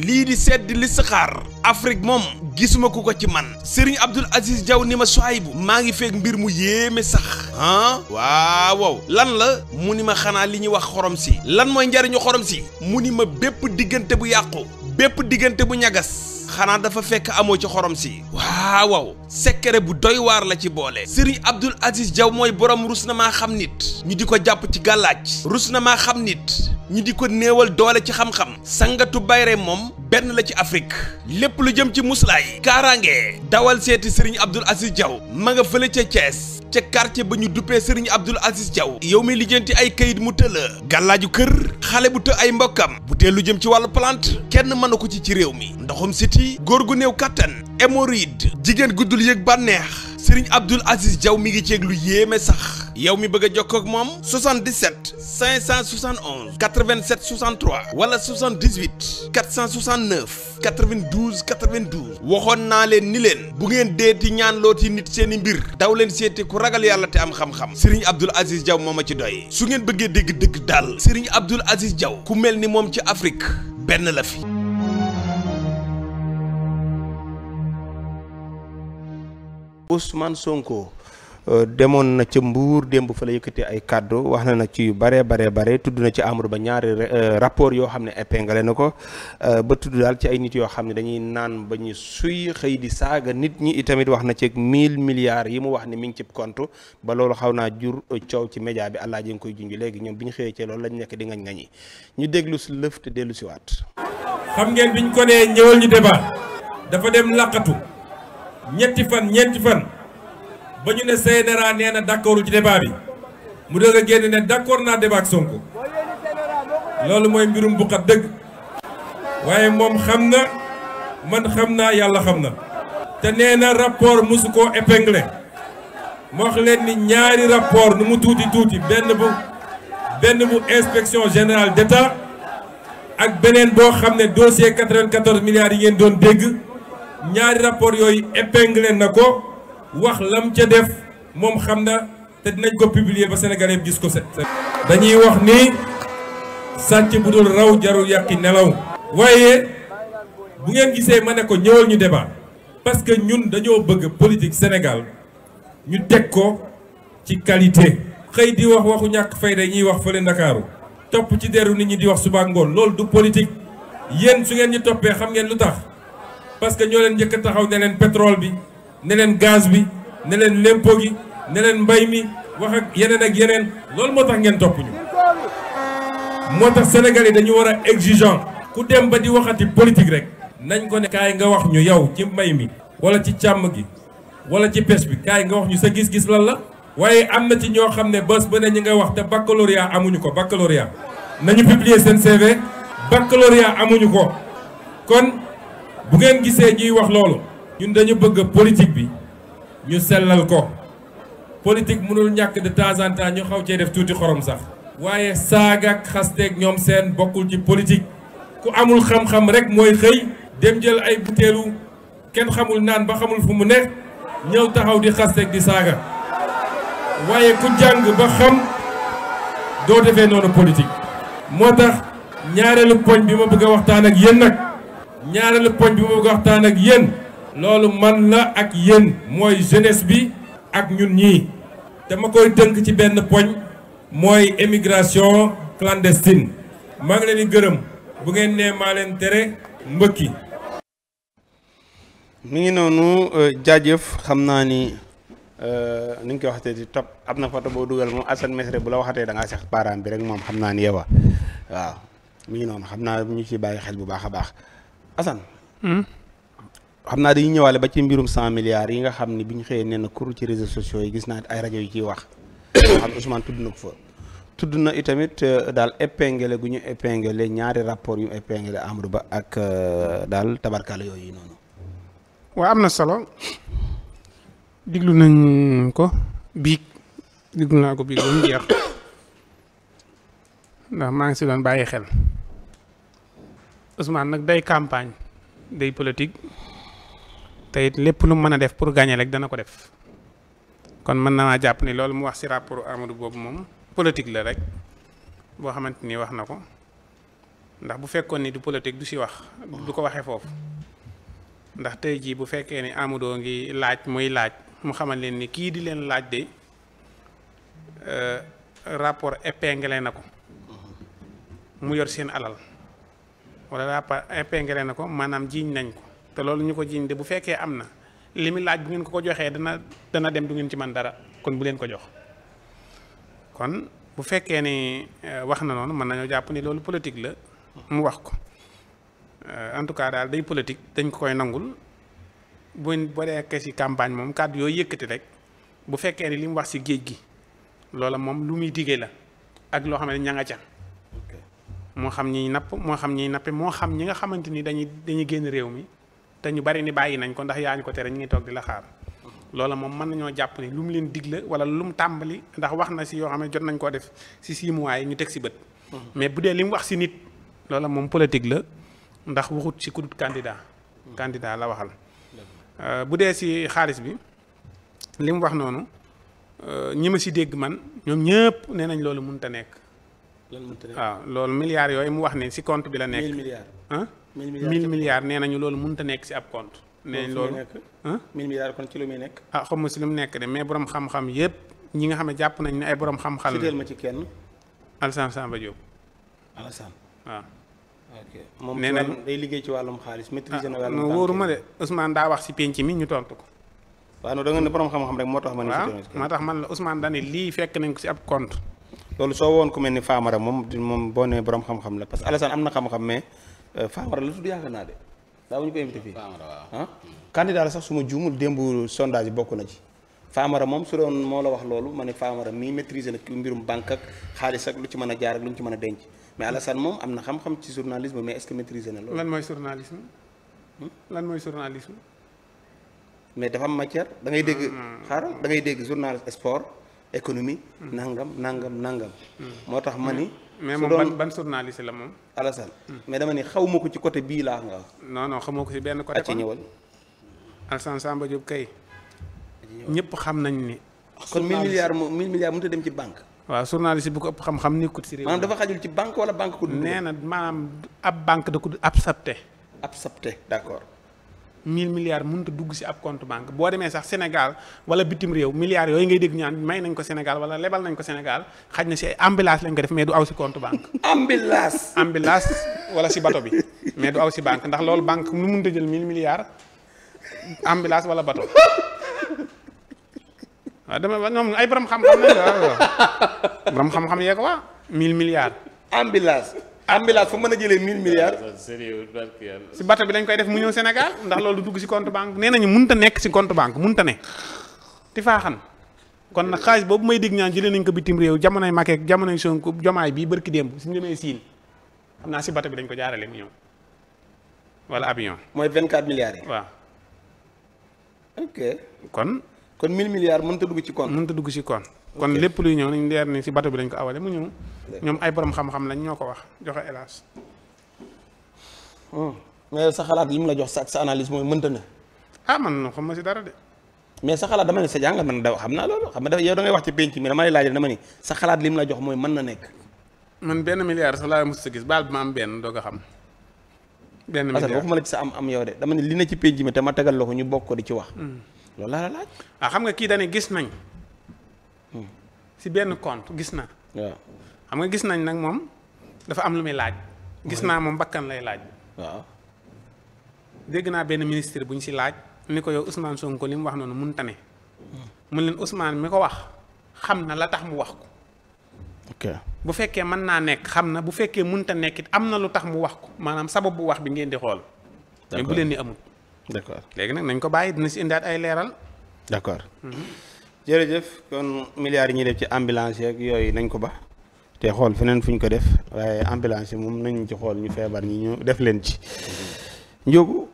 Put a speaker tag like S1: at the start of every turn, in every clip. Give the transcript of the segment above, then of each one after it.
S1: lii di sedd li saxaar Afrique moom gisuma ku ko ci man Serigne Abdoul Aziz Diaw ni ma bu maa ngi feeg mbir mu yéeme sax ah waaw lan la mu ni ma xanaa li ñuy wax xorom si lan mooy njariñu xorom si mu ni ma bépp diggante bu yàqu bépp diggante bu ñagas xanaa dafa fekk amoo ci xorom si waaw secret bu doy waar la ci boole Serigne Abdoul Aziz Diaw mooy borom rus na maa xam nit ñu di ko jàpp ci gàllaaj rus na maa xam nit ñu di ko néewal doole ci xam-xam sangatu bayre moom benn la ci Afrique lépp lu jëm ci muslaay kaaraange dawal seeti Serigne Abdoul Aziz Diaw ma nga fële ca Thiès ca quartier ba ñu duppee Serigne Abdoul Aziz Diaw yow mi lijjanti ay kayit mu tëla gàllaaju kër xale bu të ay mbokkam bu lu jëm ci wàllu plante kenn mënu ko ci ci réew mi ndoxum góor gu néew kattan hémorroïde jigéen guddul yëg bànneex Serigne Abdoul Aziz Diaw mi ngi ceeg lu yéeme sax yow mi bëgg a jokkoo ak moom 77 571 87 63 wala 78 469 92 92 waxoon naa leen ni leen bu ngeen deeti ñaan yi nit seeni mbir daw leen seeti ku ragal yàlla te am xam-xam Serigne Abdoul Aziz jaw moom ma ci doy su ngeen bëggee dégg dëgg daal Serigne Abdoul Aziz Diaw ku mel ni moom ci Afrique benn la fi. Ousmane Sonko
S2: euh, demoon na ca Mbour démb fa la yëkkatee ay kàddu wax na na ci yu bare bare bare tudd na ci Amadou Ba ñaari euh, rapport yoo xam ne épinglé na ko euh, ba tudd daal ci ay nit yoo xam ne dañuy naan ba ñu suy xëy di saaga nit ñi itamit wax na ci mille milliards yi mu wax ne mi ngi ci compte ba loolu xaw naa jur coow ci média bi àllaa ji koy junj léegi ñoom bi ñu xëyee ci loolu lañ nekk di ngañ ngañi ñu déglu si
S3: lëf te dellu si waat. xam ngeen biñ ñu débat ñetti fan ñetti fan ba ñu ne CNRA nee na d'accordu ci débat bi mu dëgg a génn ne d'accord naa débat ak Sonko loolu mooy mbirum bu xat dëgg waaye moom xam na man xam naa yàlla xam na te nee na rapport mosu koo épinglé moo wax leen ni ñaari rapport nu mu tuuti tuuti benn bu benn bu inspection général d'État ak beneen boo xam ne dossier 94 milliards yi ngeen doon dégg ñaari rapport yooyu leen na ko wax lam ca def moom xam na te dinañ ko publier ba sénégalais gis ko set dañuy wax ni sàcc bu dul raw jarul yàqi nelaw waaye bu ngeen gisee ma ne ko ñëwal ñu débat parce que ñun dañoo bëgg politique Sénégal ñu teg ko ci qualité xëy di wax waxu ñàkk fayda ñuy wax fa fële ndakaaru topp ci deru nit ñi di wax suba ngoon loolu du politique yéen su ngeen ñu toppee xam ngeen lu tax parce que ñoo leen njëkk taxaw ne leen bi ne leen gaz bi ne leen lempo gi ne mbay mi wax ak yeneen ak yeneen loolu moo tax ngeen topp ñu. moo tax Sénégal yi dañu war a exigeant ku dem ba di waxati politique rek nañ ko ne kaay nga wax ñu yow ci mbay mi wala ci càmm gi wala ci pêche bi kaay nga wax ñu sa gis-gis lan la waaye am na ci ñoo xam ne bés ba ne ñi nga wax te baccalauréat amuñu ko baccalauréat nañu publier seen CV baccalauréat amuñu ko bu ngeen gisee ñuy wax loolu ñun dañu bëgg politique bi ñu sellal ko politique mënul ñàkk de temps temps ñu xaw cee def tuuti xorom sax waaye saaga ak xasteeg ñoom seen bokkul ci politique ku amul xam-xam rek mooy xëy dem jël ay butéelu kenn xamul naan ba xamul fu mu ne ñëw taxaw di xasteeg di saaga waaye ku jàng ba xam doo defee noonu politique moo tax ñaareelu poñ bi ma bëgg a waxtaan ak yéen nag ñaareelu poñ bi ma waxtaan ak yéen loolu man la ak yéen mooy jeunesse bi ak ñun ñii dama koy tënk ci benn poñ mooy émigration clandestine maa la leen gërëm bu ngeen nee maa leen tere mbëkki mi ngi
S2: noonu euh, jaajëf xam naa ni euh, ni nga koy waxatee di topp am na photo boo dugal moom Assane Mesre bu la waxatee da ngaa seq bi rek moom xam naa ni yow waaw mi ngi noonu xam naa ñu ciy bàyyi xel bu baax a baax. Assane. xam naa dañuy ñëwale ba ci mbirum cent milliards yi nga xam ni bi ñu xëyee nee na kur ci réseaux sociaux yi gis naa ay rajo yu ciy wax. xam Ousmane tudd na ko fa. tudd na itamit euh, daal épinglé gu ñu épinglé ñaari rapport yu épinglé Amadou Ba ak euh, daal tabarkaale yooyu noonu. waaw am na solo. diglu nañ ko biig diglu naa ko biig ba mu jeex ndax maa ngi si doon bàyyi xel. Ousmane nag day campagne day politique te it lépp lu mën a def pour gagner rek dana ko def kon mën na maa jàpp ni loolu mu wax ci rapport Amadou boobu moom politique la rek boo xamante ni wax na ko ndax bu fekkoon ni du politique du ci wax du ko waxee foofu ndax tey jii bu fekkee ni Amadou ngi laaj muy laaj mu xamal leen ni kii di leen laaj de euh, rapport épinglé na ko mu yor seen alal. wala daa épinglé eh, na ko maanaam jiiñ nañ ko te loolu ñu ko jiiñ de bu fekkee am na li muy laaj bu ngeen ko ko joxee dana dana dem du ngeen ci man dara kon bu leen ko jox kon bu fekkee ni eh, wax na noonu mën nañoo jàpp ni loolu politique la mu wax ko eh, en tout cas daal day politique dañ ko koy nangul buñ bu nekkee ci campagne moom kàddu yooyu yëkkati rek bu fekkee ni li mu wax ci géej gi loola moom lu muy diggee la ak loo xam ne ña nga ca moo xam ñiy napp moo xam ñiy nappe moo xam ñi nga xamante ni dañuy dañuy génn réew mi te ñu bari ni bàyyi nañ ko ndax yaa ñu ko tere ñu ngi toog di la xaar loola moom mën nañoo jàpp ni lu mu leen digle wala lu mu tàmbali ndax wax na si yoo xam ne jot nañ koo def si six mois yi ñu teg si bët. Mhm. mais bu dee li mu wax si nit loola moom politique la ndax waxut si kudut candidat. Mhm. candidat la waxal. Euh, bu dee si xaalis bi li wax noonu euh, ñi ma si dégg man ñoom ñëpp nee nañ loolu mënut a nekk. waaw ah, loolu milliards yooyu mu wax ne si compte bi la nekk. 1000 milliards ah. nee nañu loolu mënut a nekk si ab compte. nee nañ loolu ah milliards kon ci lu muy nekk. ah ma si lu mu nekk mais borom xam-xam ñi nga xam ne jàpp nañ ne ay borom xam-xam. si ma ci kenn. Alassane Samba Diop. Alassane waaw. Ah. ok moom nee nañ day liggéey ci wàllum xaalis maîtriser na ah, wàllum wóoruma de Ousmane daa wax si penc mi ñu tontu ko. waaw xam-xam moo tax. ma ne si tax man la Ousmane daa lii fekk nañ ko si ab compte loolu soo woon ku mel ni Famara moom moom boo nee borom xam-xam la parce que am na xam-xam mais euh, Famara la tudd yaakaar naa de daa ñu ko invité fii ah la sax su ma juumul démb sondage bokk na ci Famara moom su doon moo la wax loolu ma ne Famara mii maîtriser na mbirum banque ak xaalis ak lu ci mën a jaar ak lu ñu ci mën a denc mais Alassane moom am na xam-xam ci journalisme mais est-ce que maîtriser na loolu. lan mooy journalisme hmm? lan mooy journalisme. mais dafa am matière da ngay dégg. Ah. xaaral da ngay dégg journal sport. économie. nangam nangam nangam. Hmm. moo tax ma ni. mais moom ban ban journaliste la moom. Alassane hmm. mais dama ni xawuma ko ci côté bii laa nga wax. non ko ci benn côté. ci ñëwal. Alassane Samba Diop kay. ñëpp xam nañ ni. kon 1000 milliards mu 1000 milliards mënut dem ci banque. waaw journaliste bu ko ëpp xam-xam nekkut si réew maanaam dafa xajul ci banque wala banque. ku nee na maanaam ab banque da ko ab sapte. ab sapte d'accord. mill milliards mënut a dugg si ab compte banque boo demee sax Sénégal wala bitim réew milliards yooyu ngay dégg ñaan may nañ ko Sénégal wala lebal nañ ko Sénégal xaj na si ay ambulance lañ ko def mais du aw si compte banque. ambulance ambulance wala si bato bi mais du banque ndax loolu banque nu mënut jël 1000 milliards ambulance wala bato. waaw ba ñoom ay borom xam-xam lañ waaw borom xam-xam yee ko waa 1000 milliards. ambulance. ambulance fu mën a jëlee 1000 milliards si bato bi dañ koy def mu ñëw Sénégal ndax loolu dugg si compte banque nee nañu mënut a nekk si compte banque mënut a ne ti faaxan kon nag xaalis boobu may dégg ñaan jëlee nañ ko bitim réew jamonoy Macky jamonoy Sonko jomaay bii bërki démb suñ demee siin xam naa si bata bi dañ ko jaarale mu ñëw wala avion. mooy 24 milliards yi waa ok kon 1000 milliards mënut a dugg ci kon. mënut a dugg ci kon. kon lépp luy ñëw nañ leer ni si bato bi lañ ko awale mu ñëw. ñoom ay borom xam-xam lañ ñoo ko wax joxe hélas. Hmm. mais sa xalaat li mu la jox sa sa analyse mooy mënta na. ah man xam ma si dara de. mais sa sa jàngat man da xam naa loolu xam nga yow da ngay wax ci penc mi dama laaj dama
S1: ni sa xalaat li mu la jox mooy mën na nekk.
S2: man benn milliard sax laa mos sa gis baal bi ma am benn doog xam.
S1: benn milliard parce que waxuma la ci sa am am yow de dama ne li na ci penc mi te ma tegal la ko ñu bokk ko di ci wax. Hmm.
S2: loolu laa la laaj. ah xam nga kii dañuy gis nañ. Hmm. si benn compte gis na. waaw xam nga gis nañ nag moom dafa am lu muy laaj. gis naa moom bakkan lay laaj. waaw. dégg naa benn ministre bu ñu si laaj ni ko yow Ousmane Sonko li mu wax noonu mënta ne. Hmm. mu leen Ousmane mi ko wax xam na la tax mu wax ko. bu fekkee mën naa nekk xam na bu fekkee mënta nekk it am na lu tax mu wax ko maanaam sabab bu wax bi ngeen di xool. mais bu leen ni amul. d'accord léegi nag nañ ko bàyyi dina si indaat ay leeral. d'accord. Mm-hmm. jërëjëf kon milliards yi ñu def ci ambulance yeeg yooyu nañ ko ba te xool feneen fu ñu ko def waaye ambulance moom nañu ci xool ñu feebar ñi ñu def leen ci. Mm-hmm. Ndiogou.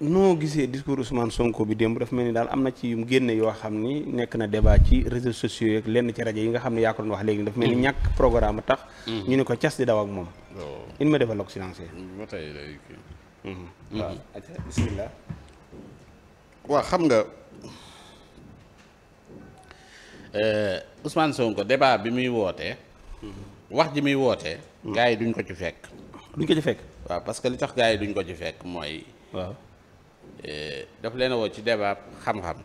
S2: noo gisee discours Ousmane Sonko bi démb dafa mel ni daal am na ci yu mu génne yoo xam ni nekk na débat ci réseaux sociaux yeeg lenn ci rajo yi nga xam ne yaa ko doon wax léegi. dafa mel ni mm-hmm. ñàkk programme tax. ñu ne ko cas di daw ak moom. Oh. il me développe silence. Mm-hmm. waaw mm-hmm. bismillah waaw xam nga eh, Ousmane Sonko débat bi muy wootee mm-hmm. wax ji muy wootee gars yi duñ ko ci fekk duñ ko ci fekk waaw parce que li tax gars yi duñ ko ci fekk mooy waaw eh, daf leen a woo ci débat xam-xam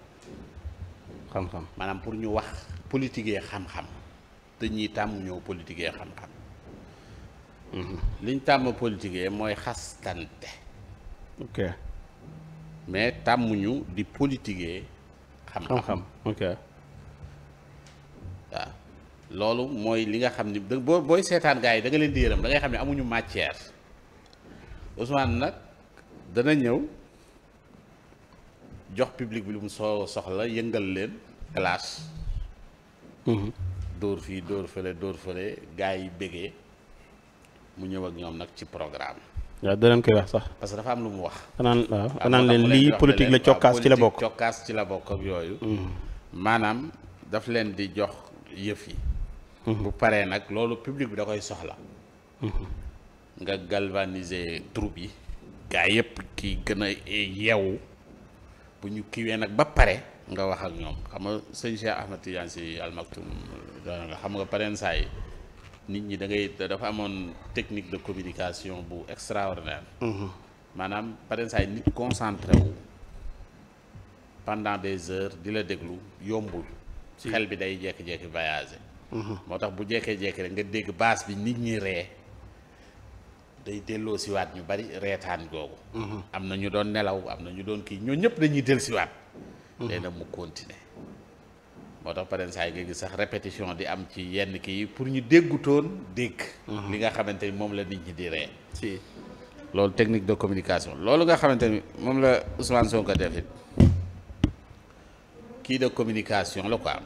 S2: xam-xam maanaam pour ñu wax politiquee xam-xam te ñii tàmm ñëw politiquee xam-xam liñ tàmm politiquee mooy xastante ok mais tàmmuñu di politiquer. xam-xam ok waaw loolu mooy li nga xam ni boo booy seetaan gars yi da nga leen di yërëm da ngay xam ne amuñu matière Ousmane nag dana ñëw jox public bi lu mu soxla yëngal leen classe. Mhm. dóor fii dóor fële gars yi bégee mu ñëw ak ñoom nag ci programme. waaw da koy wax sax. parce que dafa am lu mu wax. danaan waaw danaan lii politique la cokkaas ci la bokk cokkaas ci la bokk ak yooyu. Hmm. maanaam daf leen di jox yëf yi. Hmm. bu paree nag loolu public bi da koy soxla. Hmm. nga galvanise troupe yi. gaa yëpp ki gën a yeewu bu ñu kiiwee nag ba pare nga wax ak ñoom xam nga sëñ Cheikh Ahmed Tidiane Al Maktoum xam nga pareen saa yi. nit ñi da ngay dafa amoon technique de communication bu extraordinaire. Mhm. maanaam par nit concentré wu pendant des heures di la déglu yombul. xel bi day jékki-jékki voyager. Mhm. moo tax bu jekkee jékki rek nga dégg baas bi nit ñi ree day delloo siwaat ñu bari reetaan googu. Mhm. am na ñu doon nelaw am na ñu doon kii ñoo ñëpp dañuy dellusiwaat. léegi nag mu continuer moo tax pareen saa yi nga sax répétition di am ci yenn kii pour ñu déggutoon dégg. Mhm. li nga xamante ni moom la nit ñi di ree. ci loolu technique de communication loolu nga xamante ni moom la Ousmane Sonko def it kii de communication la ko am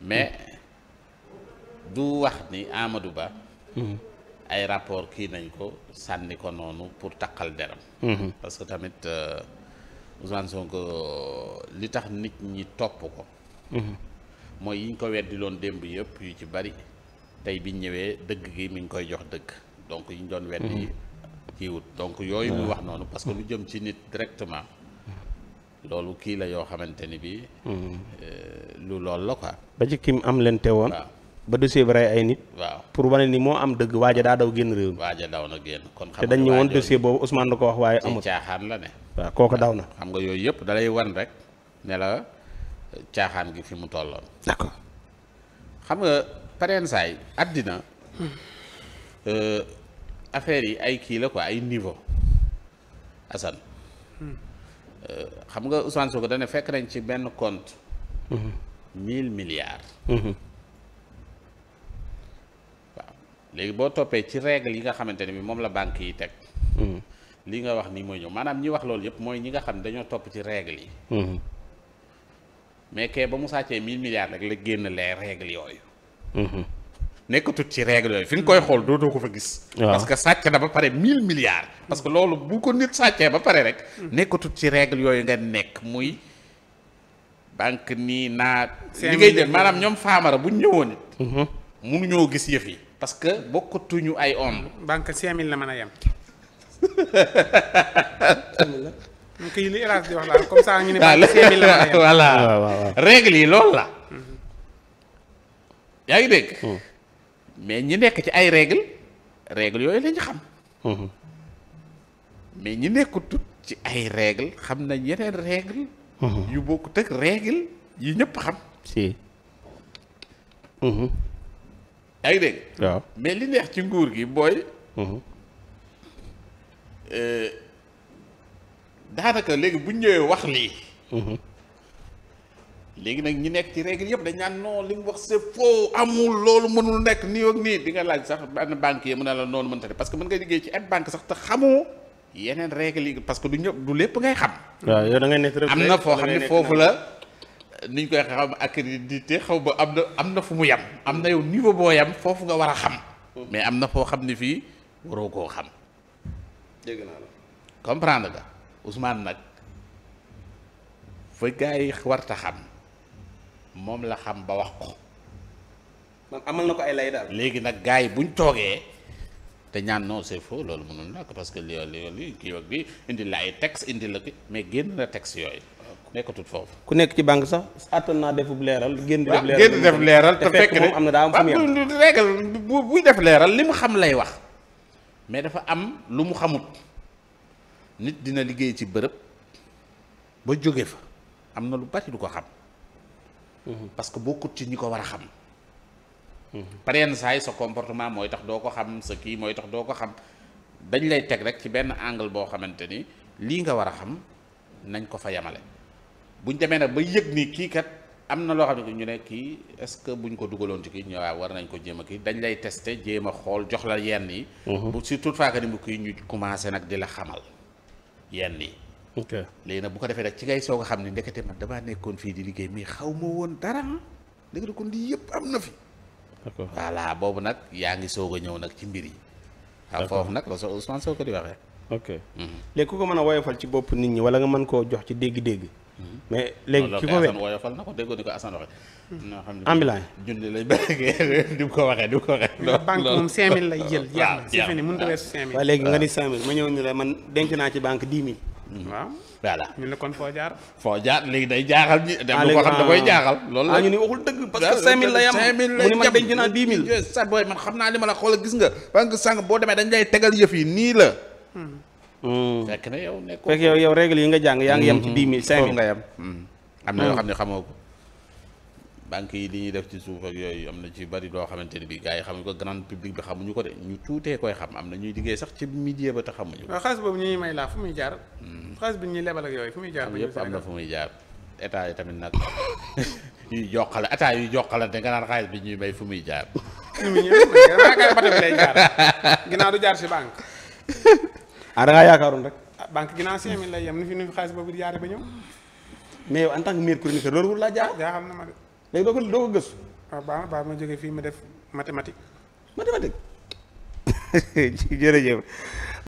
S2: mais mhm. du wax ni Amadou Ba. Mhm. ay rapport kii nañ ko sànni ko noonu pour taqal deram parce que tamit euh, Ousmane Sonko li tax nit ñi topp ko. Mhm. mooy yi ñu ko weddiloon démb yëpp yu ci bari tey biñ ñëwee dëgg gi mi ngi koy jox dëgg donc yi ñu doon weddi mhm. kii wut donc yooyu mu wax noonu parce que lu jëm ci nit directement loolu kii la yoo xamante ni bi mhm. euh, lu lool la quoi ba ci kim am leen te woon ba dossier bi rey ay nit waaw pour wane ni moo am dëgg waaja daa daw génn réew mi waaja na génn kon xam te dañ ñu woon dossier boobu Ousmane da ko wax waaye amul caaxaan la kooku daw na xam nga yooyu yëpp dalay wan rek ne caaxaan gi fi mu tolloon. d'accord xam nga pareen saay àddina euh, affaire yi ay kii la quoi ay niveau Assane. Euh, xam nga Ousmane Sonko dana fekk nañ ci benn conte mm-hmm. mille milliards. Mm-hmm. waaw léegi boo toppee ci règle yi nga xamante ne bi moom la banque yi teg. Mm-hmm. li nga wax nii mooy ñëw maanaam ñi wax loolu yëpp mooy ñi nga xam ne dañoo topp ci règle yi. mais kay ba mu sàccee mille milliards rek la génn les règles yooyu. Mhm. nekkatut ci règle yooyu fi nga koy xool dootoo ko fa gis. parce que sàcc na ba pare mille milliards. parce que loolu bu ko nit sàccee ba pare rek. Mhm. nekkatut ci règle yooyu nga nekk muy banque nii naa. li ngay jël maanaam ñoom faamara bu ñu ñëwoon it. mënuñoo mhm. gis yëf yi. parce que bokkatuñu ay ondes. banque cinq mille la mën a yem. kii li Elage di wax daal comme ça ñu ne. Ah, yi loolu la. Mm-hmm. yaa ngi dégg. Mm-hmm. mais ñi nekk ci ay règle règle yooyu lañu xam. Mm-hmm. mais ñi nekkutut ci ay règle xam na yeneen règle yu bokkut ak règle yi ñëpp xam. yaa ngi dégg. waaw mais li neex ci nguur gi booy. Euh, daanaka léegi bu ñëwee wax lii. Mhm. léegi nag ñi nekk ci règle yëpp dañ naan non li mu wax c'est faux amul loolu mënul nekk nii ak nii di nga laaj sax benn banque yi mu na la noonu mënta ne parce que mën nga liggéey ci ab banque sax te xamoo yeneen règle yi parce que du ñëpp du lépp ngay xam. waaw yow da ngay nekk am na foo xam ne foofu la. ni ñu koy xam accrédité xaw ba am na am na fu mu yam am na yow niveau boo yem foofu nga war a xam. Mhm. mais am na foo xam ne fii waroo koo xam. dégg naa la Ousmane nag fa gars yi warta xam moom la xam ba wax ko. man amal na ko ay lay daal. léegi nag gaa yi buñ toogee te ñaan non c'est faux loolu mënul nak parce que li li li kii bi indi ay texte indi la ki mais génn na texte yooyu. nekkatut foofu. ku nekk ci banque sax àttan naa defub leeral. génn di def leeral te fekk moom am na daa am fu mu yem bu buy def leeral li mu xam lay wax mais dafa am lu mu xamut. nit dina liggéey ci bërëb ba jóge fa am na lu bari du ko xam mhm. parce que bokkut ci ñi ko war a xam mhm. pareen saay sa comportement mooy tax doo ko xam sa kii mooy tax doo ko xam dañ lay teg rek ci benn angle boo xamante ni lii nga war a xam nañ ko fa yemale buñ demee nag ba yëg ni kii kat am na loo xam ne ñu ne kii est-ce que buñ ko dugaloon ci kii ñëwaaw war nañ ko jéem a kii dañ lay tester jéem a xool jox la yenn yi mhm. bu si toutefois que ni mu ñu commencé nag di la xamal yenn yi. ok léegi nag bu ko defee rek ci ngay soog a xam ne ndekete man damaa nekkoon fii di liggéey mais xaw
S1: ma woon dara ndekete kon lii yëpp am na fi.
S2: d'accord boobu nag yaa ngi soog a ñëw nag ci mbir yi. waaw foofu nag la soo Ousmane soo ko di waxee. ok mhm. léegi ku ko mën a woyofal ci bopp nit ñi wala nga mën koo jox ci dégg-dégg. mais léegi ki ko wér loolu woyofal na ko déggoo ni ko waxee. na xam ne ambulant yi junni di ko waxee di ko waxee. loolu banque moom 5000 lay jël. waaw waaw jafe ni mënut a weesu léegi naa ci banque 10 hmm. jaar. foo jaar léegi day jaaxal ñu. dem ah, lu ko xam da koy ah. jaaxal. loolu la ah, ñu ni waxul
S1: dëgg parce que 5000 la yam. mu
S2: ni man denc naa 10 000. sa booy man xam naa li ma la xool gis nga. banque sànq boo demee dañ lay tegal yëf yi nii la. Hmm. Mm. fekk na yow nekkul yow yow règle yi nga jàng yaa ngi yem ci mm-hmm. dix mille cinq mille nga yem. Mm-hmm. am na yoo mm. xam ne xamoo ko. banque yi li ñuy def ci suuf ak yooyu am na ci bari loo xamante ne bii gars yi xamuñu ko grand public bi xamuñu ko de ñu tuutee koy xam am na ñuy liggéey sax ci milieu ba te xamuñu ko. waaw xaalis boobu ñuy may laa fu muy jaar. Mm. xaalis bi ñuy lebal ak yooyu fu muy jaar. yëpp am na fu muy jaar état yi tamit nag yuy jokkale état yuy jokkale te nga naan xaalis bi ñuy may fu muy jaar. ginaaw du jaar si banque ah da ngaa yaakaaroon rek. Ah, banque ginnaaw 5000 lay yem nu fi nu fi xaalis boobu di yaare ba ñëw. mais yow en tant que maire chroniqueur loolu wul laa jaar. jaa xam na ma de. léegi doo ko doo ko gëstu. waaw ah, baax na baax ma jógee
S3: fii ma def mathématique. mathématique jërëjëf.